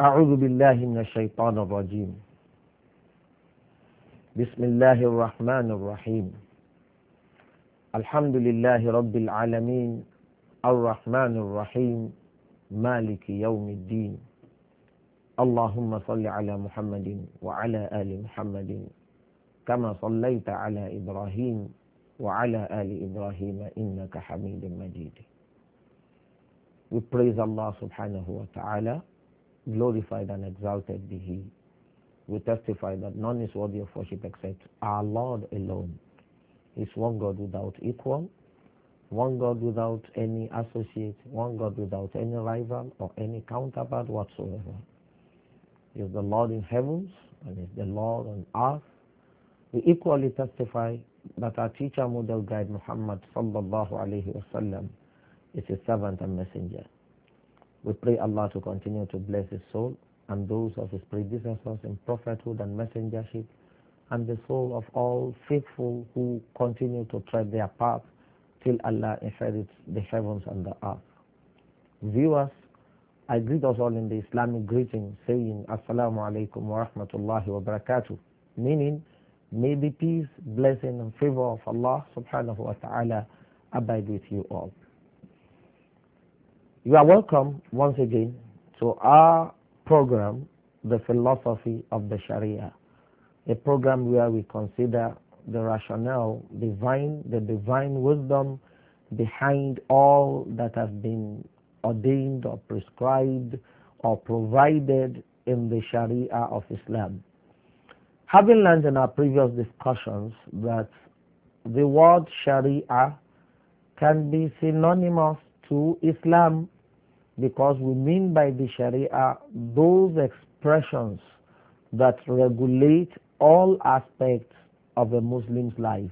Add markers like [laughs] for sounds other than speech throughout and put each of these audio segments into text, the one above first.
أعوذ بالله من الشيطان الرجيم بسم الله الرحمن الرحيم الحمد لله رب العالمين الرحمن الرحيم مالك يوم الدين اللهم صل على محمد وعلى آل محمد كما صليت على إبراهيم وعلى آل إبراهيم إنك حميد مجيد We praise Allah subhanahu wa ta'ala glorified and exalted be He. We testify that none is worthy of worship except our Lord alone. He's one God without equal, one God without any associate, one God without any rival or any counterpart whatsoever. He is the Lord in heavens and is the Lord on earth. We equally testify that our teacher, model guide Muhammad sallallahu alayhi wasallam is his servant and messenger. We pray Allah to continue to bless his soul and those of his predecessors in prophethood and messengership, and the soul of all faithful who continue to tread their path till Allah inherits the heavens and the earth. Viewers, I greet us all in the Islamic greeting, saying Assalamu alaikum wa rahmatullahi wa barakatuh, meaning, may the peace, blessing, and favor of Allah subhanahu wa ta'ala abide with you all. You are welcome once again to our program, The Philosophy of the Sharia, a program where we consider the rationale, divine, the divine wisdom behind all that has been ordained or prescribed or provided in the Sharia of Islam. Having learned in our previous discussions that the word Sharia can be synonymous to Islam because we mean by the Sharia those expressions that regulate all aspects of a Muslim's life,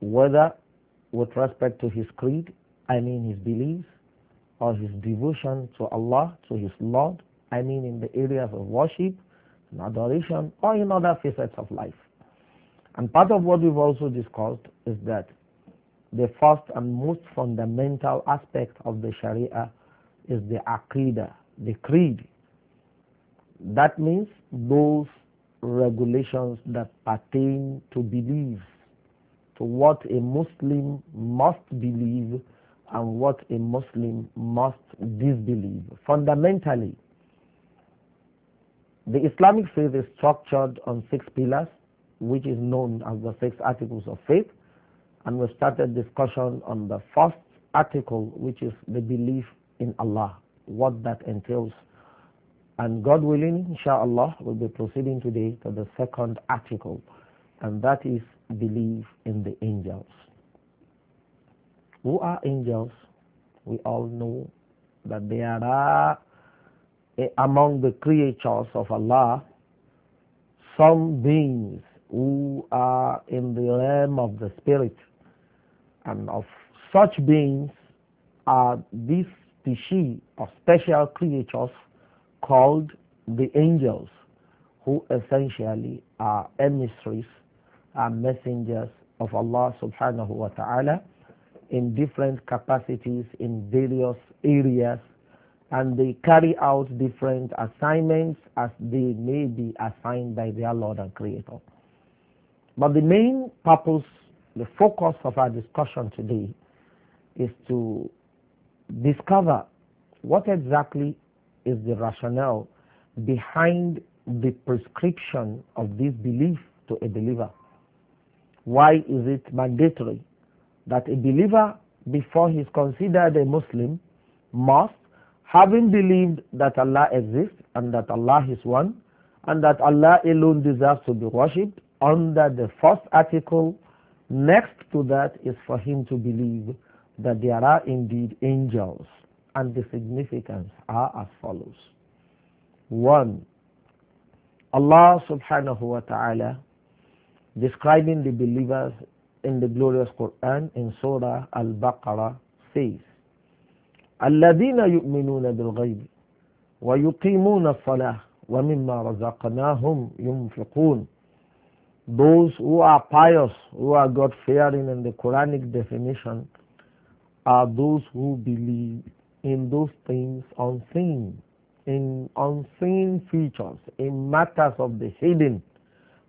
whether with respect to his creed, I mean his beliefs, or his devotion to Allah, to his Lord, I mean in the areas of worship and adoration, or in other facets of life. And part of what we've also discussed is that the first and most fundamental aspect of the Sharia is the Aqidah, the creed. That means those regulations that pertain to belief, to what a Muslim must believe and what a Muslim must disbelieve. Fundamentally, the Islamic faith is structured on six pillars, which is known as the six articles of faith and we started discussion on the first article which is the belief in Allah, what that entails. And God willing, inshallah, we'll be proceeding today to the second article, and that is belief in the angels. Who are angels? We all know that they are uh, among the creatures of Allah some beings who are in the realm of the spirit and of such beings are these species of special creatures called the angels who essentially are emissaries and messengers of Allah subhanahu wa ta'ala in different capacities in various areas and they carry out different assignments as they may be assigned by their Lord and Creator. But the main purpose the focus of our discussion today is to discover what exactly is the rationale behind the prescription of this belief to a believer. Why is it mandatory that a believer, before he is considered a Muslim, must, having believed that Allah exists and that Allah is one, and that Allah alone deserves to be worshipped under the first article Next to that is for him to believe that there are indeed angels and the significance are as follows. One, Allah subhanahu wa ta'ala describing the believers in the glorious Quran in Surah Al-Baqarah says, الذين يؤمنون بالغيب ويقيمون الصلاة ومما رزقناهم ينفقون those who are pious, who are God fearing in the Quranic definition, are those who believe in those things unseen, in unseen features, in matters of the hidden,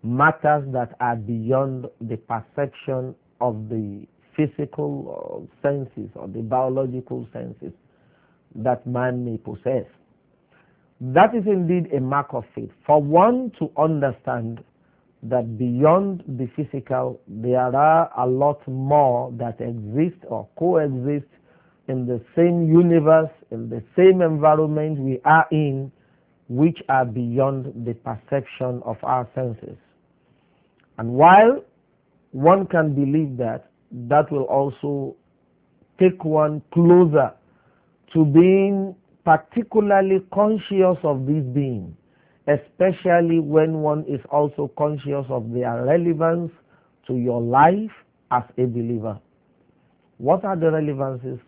matters that are beyond the perception of the physical uh, senses or the biological senses that man may possess. That is indeed a mark of faith. For one to understand that beyond the physical, there are a lot more that exist or coexist in the same universe, in the same environment we are in, which are beyond the perception of our senses. And while one can believe that, that will also take one closer to being particularly conscious of this being especially when one is also conscious of their relevance to your life as a believer. What are the relevances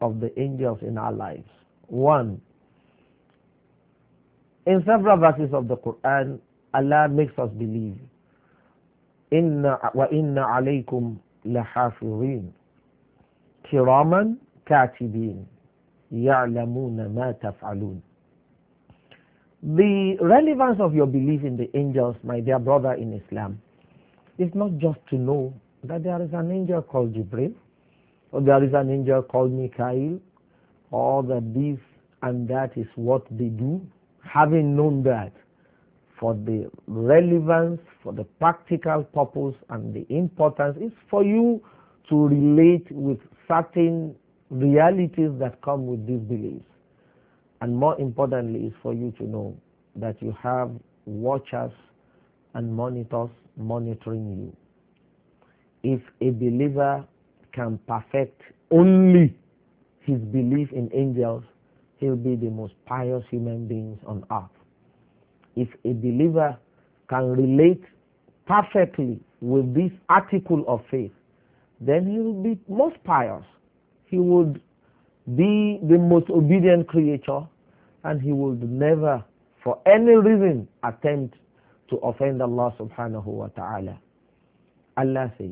of the angels in our lives? One, in several verses of the Quran, Allah makes us believe. Inna wa inna alaykum lahafizin kiraman katibin ya'lamuna ma taf'alun the relevance of your belief in the angels, my dear brother in Islam, is not just to know that there is an angel called Jibril, or there is an angel called Mikail, or that this and that is what they do. Having known that, for the relevance, for the practical purpose, and the importance is for you to relate with certain realities that come with these beliefs. And more importantly is for you to know that you have watchers and monitors monitoring you. If a believer can perfect only his belief in angels, he'll be the most pious human beings on earth. If a believer can relate perfectly with this article of faith, then he will be most pious. He would be the most obedient creature and he would never for any reason attempt to offend Allah subhanahu wa ta'ala. Allah says,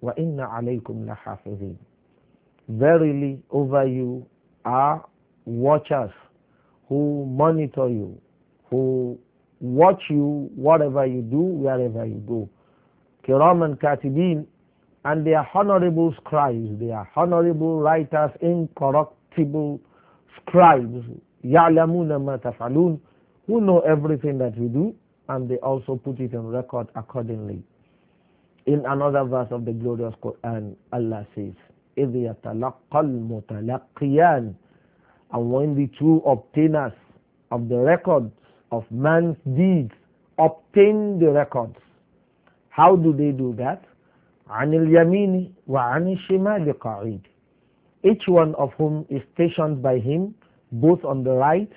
"Wa alaykum عَلَيْكُمْ لَحَافِظِينَ Verily over you are watchers who monitor you, who watch you whatever you do, wherever you go. Kiram and Katibin, and they are honorable scribes, they are honorable writers, incorruptible scribes يَعْلَمُونَ مَا تَفْعَلُونَ who know everything that we do and they also put it on record accordingly. In another verse of the glorious Quran, Allah says, إِذْ يَتَلَقَّى الْمُتَلَقِّيَانِ And when the two obtainers of the records of man's deeds obtain the records, how do they do that? عَنِ الْيَمِينِ وَعَنِ الشِّمَالِ قَعِيدٍ Each one of whom is stationed by him both on the right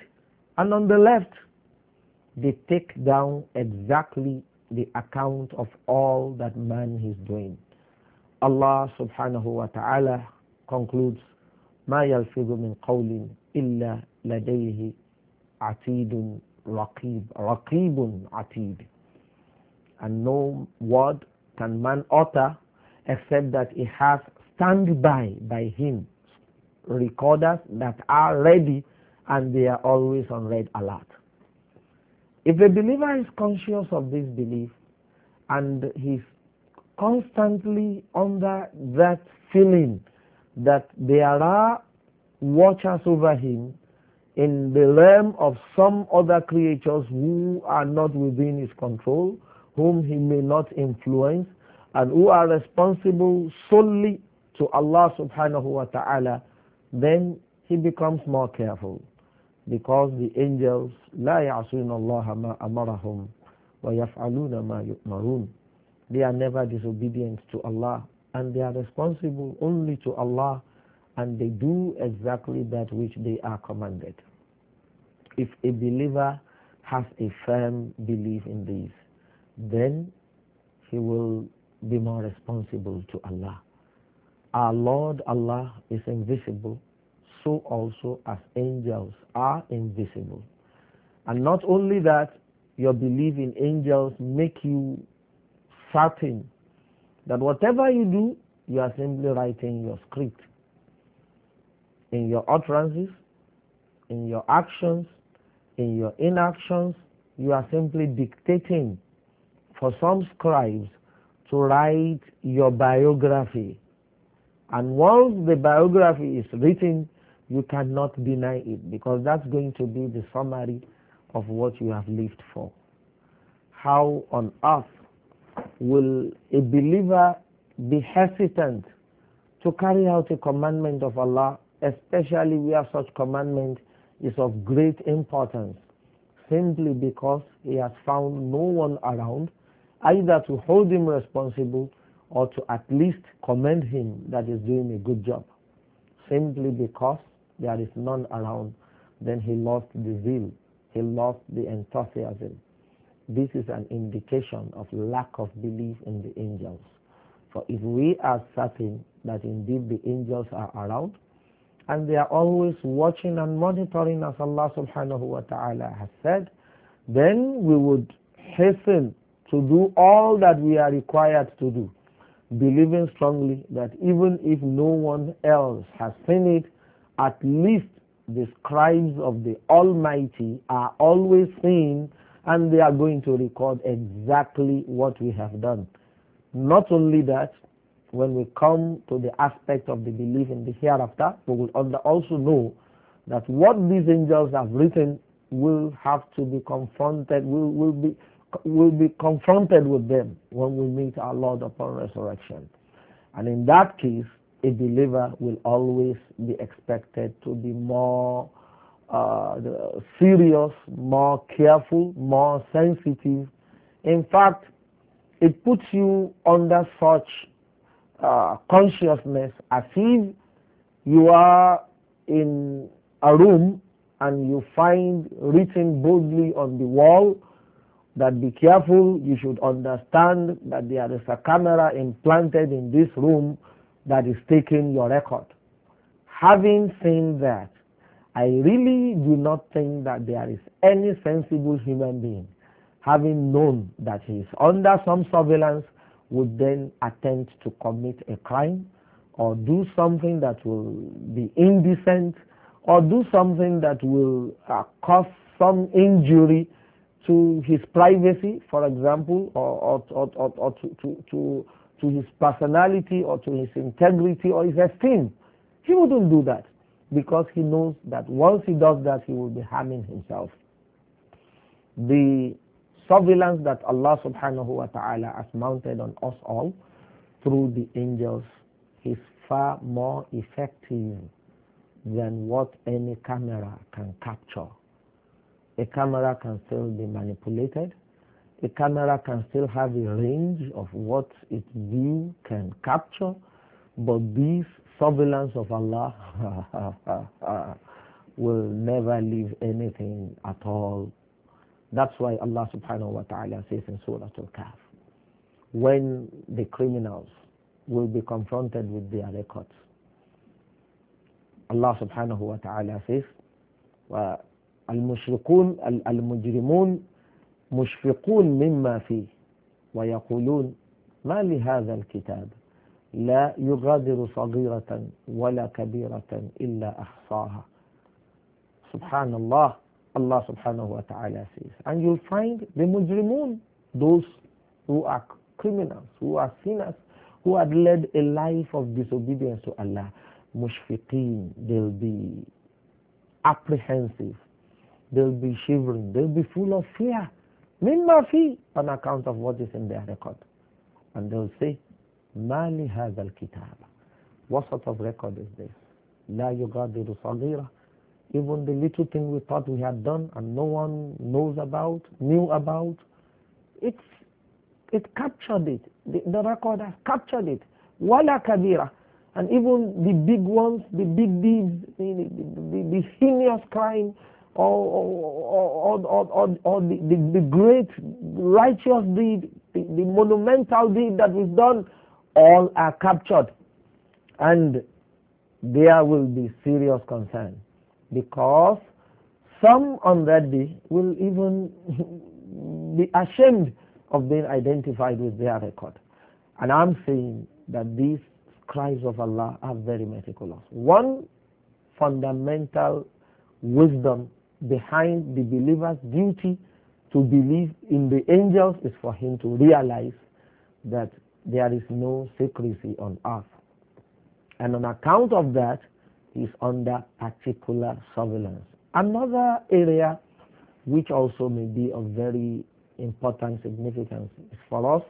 and on the left, they take down exactly the account of all that man is doing. Allah subhanahu wa ta'ala concludes, ما يلفظ من قول إلا لديه عتيد رقيب rakibun عتيد and no word can man utter except that it has stand by by him recorders that are ready and they are always on red alert. If a believer is conscious of this belief and he's constantly under that feeling that there are watchers over him in the realm of some other creatures who are not within his control, whom he may not influence, and who are responsible solely to Allah subhanahu wa ta'ala then he becomes more careful because the angels لا يعصون الله ما أمرهم ويفعلون ما يؤمرون they are never disobedient to Allah and they are responsible only to Allah and they do exactly that which they are commanded if a believer has a firm belief in these then he will be more responsible to Allah our Lord Allah is invisible, so also as angels are invisible. And not only that, your belief in angels make you certain that whatever you do, you are simply writing your script. In your utterances, in your actions, in your inactions, you are simply dictating for some scribes to write your biography and once the biography is written, you cannot deny it because that's going to be the summary of what you have lived for. How on earth will a believer be hesitant to carry out a commandment of Allah, especially where such commandment is of great importance, simply because he has found no one around either to hold him responsible or to at least commend him that is doing a good job. Simply because there is none around, then he lost the zeal, he lost the enthusiasm. This is an indication of lack of belief in the angels. For if we are certain that indeed the angels are around, and they are always watching and monitoring as Allah subhanahu wa ta'ala has said, then we would hasten to do all that we are required to do believing strongly that even if no one else has seen it, at least the scribes of the Almighty are always seeing and they are going to record exactly what we have done. Not only that, when we come to the aspect of the belief in the hereafter, we will also know that what these angels have written will have to be confronted, will, will be will be confronted with them when we meet our Lord upon resurrection. And in that case, a believer will always be expected to be more uh, serious, more careful, more sensitive. In fact, it puts you under such uh, consciousness as if you are in a room and you find written boldly on the wall that be careful, you should understand that there is a camera implanted in this room that is taking your record. Having seen that, I really do not think that there is any sensible human being having known that he is under some surveillance would then attempt to commit a crime or do something that will be indecent or do something that will uh, cause some injury to his privacy, for example, or, or, or, or to, to, to, to his personality or to his integrity or his esteem. He wouldn't do that because he knows that once he does that, he will be harming himself. The surveillance that Allah subhanahu wa ta'ala has mounted on us all through the angels is far more effective than what any camera can capture a camera can still be manipulated. A camera can still have a range of what its view can capture, but this surveillance of Allah [laughs] will never leave anything at all. That's why Allah subhanahu wa ta'ala says in Surah Al-Kahf, when the criminals will be confronted with their records, Allah subhanahu wa ta'ala says, المشركون المجرمون مشفقون مما فيه ويقولون ما لهذا الكتاب لا يغادر صغيرة ولا كبيرة إلا أحصاها سبحان الله Allah subhanahu wa ta'ala says. And you'll find the مجرمون those who are criminals, who are sinners, who had led a life of disobedience to Allah. مشفقين they'll be apprehensive, They'll be shivering. They'll be full of fear. Mimma fi on account of what is in their record. And they'll say, Mali al kitab. What sort of record is this? La yugadiru sagira. Even the little thing we thought we had done and no one knows about, knew about, it's, it captured it. The, the record has captured it. Wala kabira. And even the big ones, the big deeds, the, the, the, the heinous crime, or, or, or, or, the, the, the great righteous deed, the, the monumental deed that is done, all are captured. And there will be serious concern because some on that day will even [laughs] be ashamed of being identified with their record. And I'm saying that these cries of Allah are very meticulous. One fundamental wisdom behind the believer's duty to believe in the angels is for him to realize that there is no secrecy on earth. And on account of that, he is under particular surveillance. Another area which also may be of very important significance is for us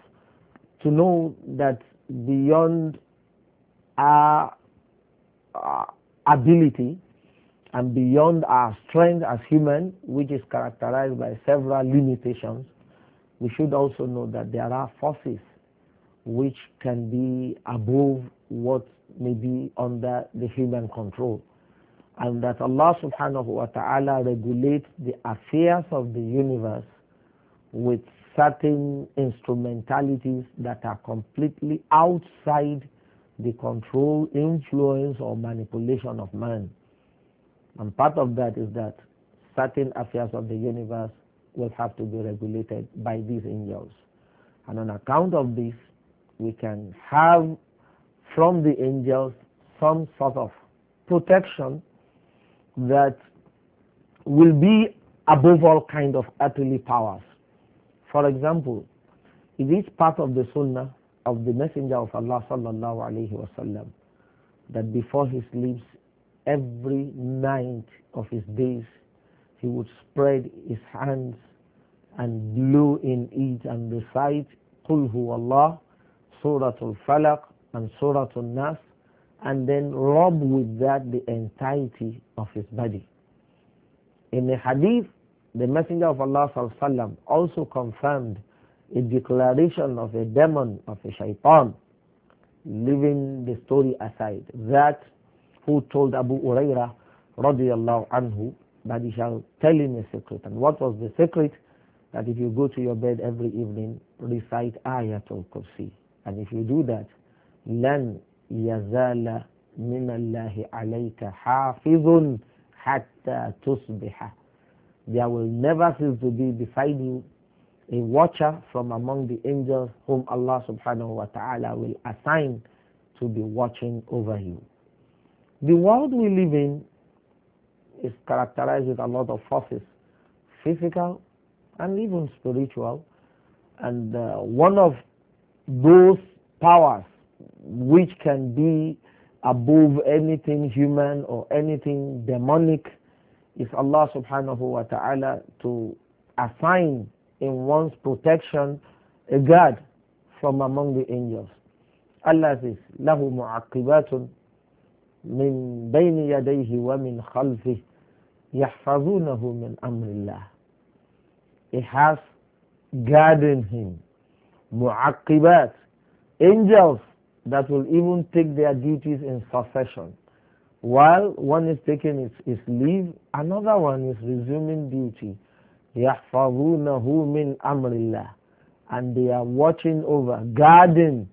to know that beyond our uh, ability and beyond our strength as human, which is characterized by several limitations, we should also know that there are forces which can be above what may be under the human control. And that Allah subhanahu wa ta'ala regulates the affairs of the universe with certain instrumentalities that are completely outside the control, influence, or manipulation of man. And part of that is that certain affairs of the universe will have to be regulated by these angels. And on account of this, we can have from the angels some sort of protection that will be above all kind of earthly powers. For example, it is part of the sunnah of the Messenger of Allah sallallahu that before his sleeps? every night of his days, he would spread his hands and blow in it and recite Qul Allah, Surah Al-Falaq and Surah Al-Nas and then rub with that the entirety of his body. In the hadith, the Messenger of Allah sallam, also confirmed a declaration of a demon, of a shaitan, leaving the story aside, that who told Abu Uraira radiallahu anhu that he shall tell him a secret. And what was the secret? That if you go to your bed every evening, recite Ayatul Kursi. And if you do that, لن يزال من الله عليك حافظ حتى تصبح. There will never cease to be beside you a watcher from among the angels whom Allah subhanahu wa ta'ala will assign to be watching over you. The world we live in is characterized with a lot of forces, physical and even spiritual. And uh, one of those powers which can be above anything human or anything demonic is Allah subhanahu wa ta'ala to assign in one's protection a guard from among the angels. Allah says, من بين يديه ومن خلفه يحفظونه من أمر الله it has guarding him معقبات angels that will even take their duties in succession while one is taking its, its leave another one is resuming duty يحفظونه من أمر الله and they are watching over guarding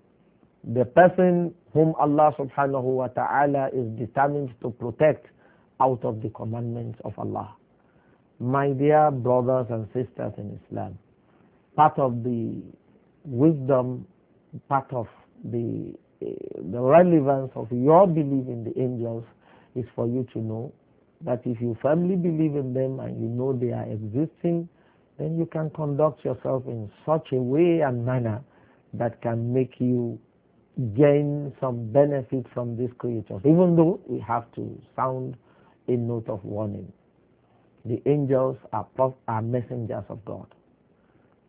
the person whom Allah subhanahu wa ta'ala is determined to protect out of the commandments of Allah. My dear brothers and sisters in Islam, part of the wisdom, part of the, uh, the relevance of your belief in the angels is for you to know that if you firmly believe in them and you know they are existing, then you can conduct yourself in such a way and manner that can make you gain some benefit from these creatures, even though we have to sound a note of warning. The angels are, are messengers of God.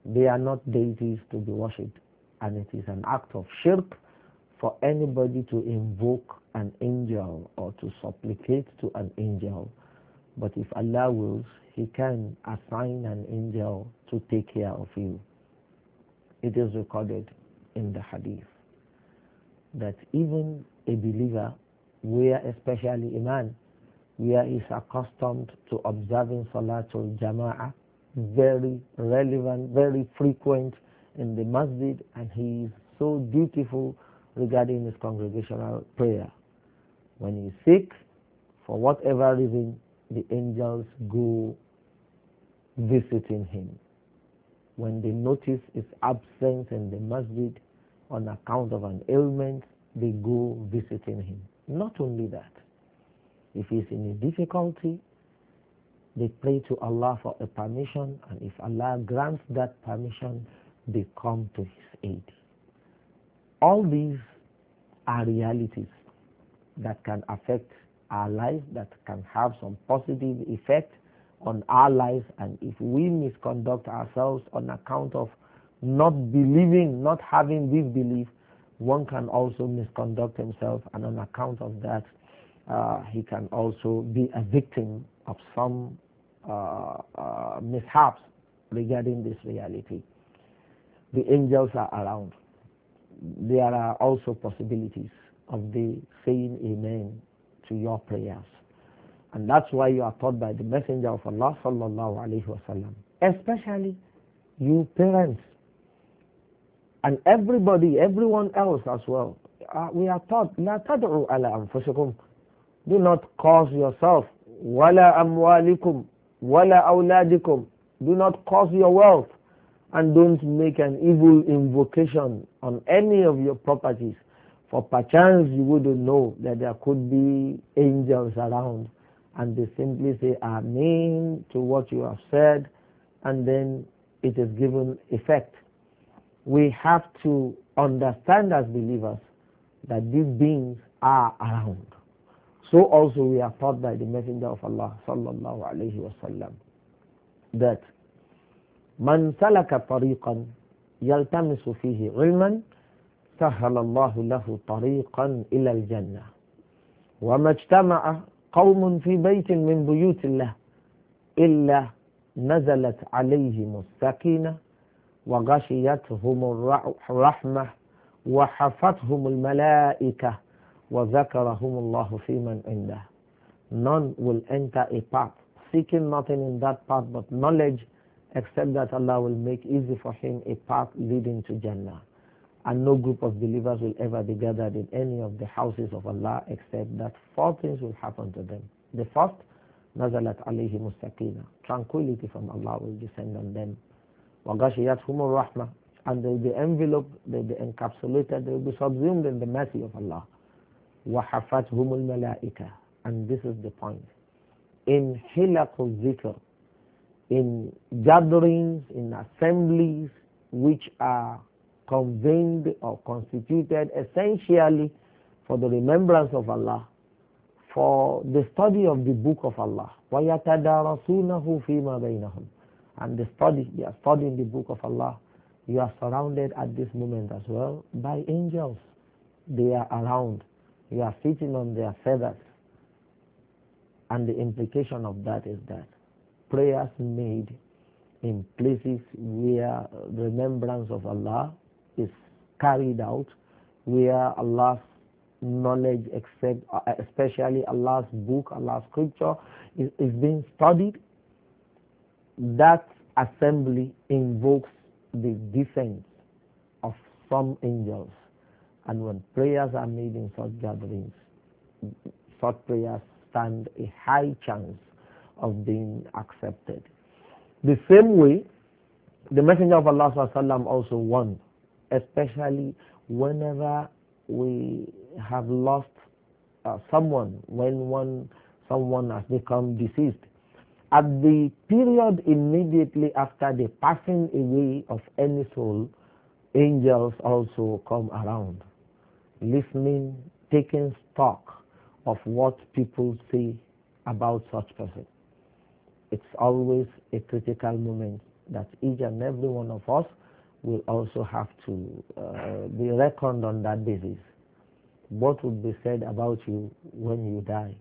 They are not deities to be worshipped, and it is an act of shirk for anybody to invoke an angel or to supplicate to an angel. But if Allah wills, He can assign an angel to take care of you. It is recorded in the hadith that even a believer, where especially a man, where he is accustomed to observing Salatul Jama'ah, very relevant, very frequent in the masjid, and he is so dutiful regarding his congregational prayer. When he is sick, for whatever reason, the angels go visiting him. When they notice his absence in the masjid, on account of an ailment, they go visiting him. Not only that, if he's in a difficulty, they pray to Allah for a permission, and if Allah grants that permission, they come to his aid. All these are realities that can affect our lives, that can have some positive effect on our lives, and if we misconduct ourselves on account of not believing, not having this belief, one can also misconduct himself, and on account of that, uh, he can also be a victim of some uh, uh, mishaps regarding this reality. The angels are around. There are also possibilities of the saying amen to your prayers. And that's why you are taught by the Messenger of Allah Especially you parents and everybody, everyone else as well. Uh, we are taught, لا تدعوا على أنفسكم. Do not cause yourself. ولا أموالكم ولا أولادكم. Do not cause your wealth. And don't make an evil invocation on any of your properties. For perchance you wouldn't know that there could be angels around. And they simply say Amen to what you have said. And then it is given effect we have to understand as believers that these beings are around. So also we are taught by the Messenger of Allah sallallahu alaihi wasallam that من سلك طريقا يلتمس فيه علما سهل الله له طريقا إلى الجنة وما اجتمع قوم في بيت من بيوت الله إلا نزلت عليهم السكينة وغشيتهم الرحمة وحفتهم الملائكة وذكرهم الله في من عنده None will enter a path seeking nothing in that path but knowledge except that Allah will make easy for him a path leading to Jannah. And no group of believers will ever be gathered in any of the houses of Allah except that four things will happen to them. The first, نزلت عليهم Tranquility from Allah will descend on them. وَغَشِيَتْهُمُ rahmah And they'll be enveloped, they'll be encapsulated, they'll be subsumed in the mercy of Allah. وَحَفَتْهُمُ الْمَلَائِكَةِ And this is the point. In حِلَقُ الذِّكْر In gatherings, in assemblies, which are convened or constituted essentially for the remembrance of Allah, for the study of the book of Allah. وَيَتَدَارَسُونَهُ فِي مَا بَيْنَهُمْ and the study, you are studying the book of Allah, you are surrounded at this moment as well by angels. They are around. You are sitting on their feathers. And the implication of that is that prayers made in places where remembrance of Allah is carried out, where Allah's knowledge, except, uh, especially Allah's book, Allah's scripture, is, is being studied that assembly invokes the descent of some angels. And when prayers are made in such gatherings, such prayers stand a high chance of being accepted. The same way, the Messenger of Allah also won, especially whenever we have lost uh, someone, when one someone has become deceased, at the period immediately after the passing away of any soul, angels also come around, listening, taking stock of what people say about such person. It's always a critical moment that each and every one of us will also have to uh, be reckoned on that basis. What would be said about you when you die?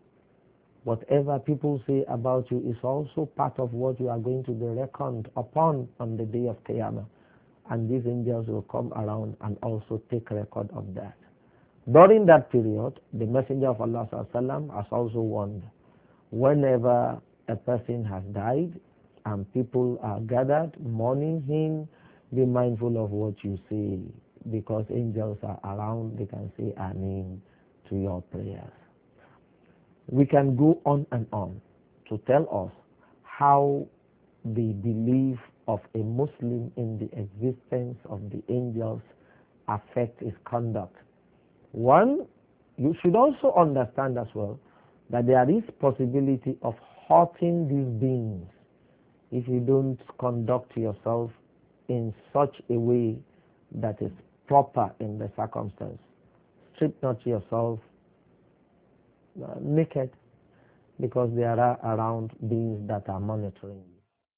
Whatever people say about you is also part of what you are going to be reckoned upon on the day of Qiyamah. And these angels will come around and also take record of that. During that period, the Messenger of Allah sallam, has also warned whenever a person has died and people are gathered mourning him, be mindful of what you say because angels are around, they can say Amen to your prayers. We can go on and on to tell us how the belief of a Muslim in the existence of the angels affect his conduct. One, you should also understand as well that there is possibility of hurting these beings if you don't conduct yourself in such a way that is proper in the circumstance. Strip not yourself naked because they are around beings that are monitoring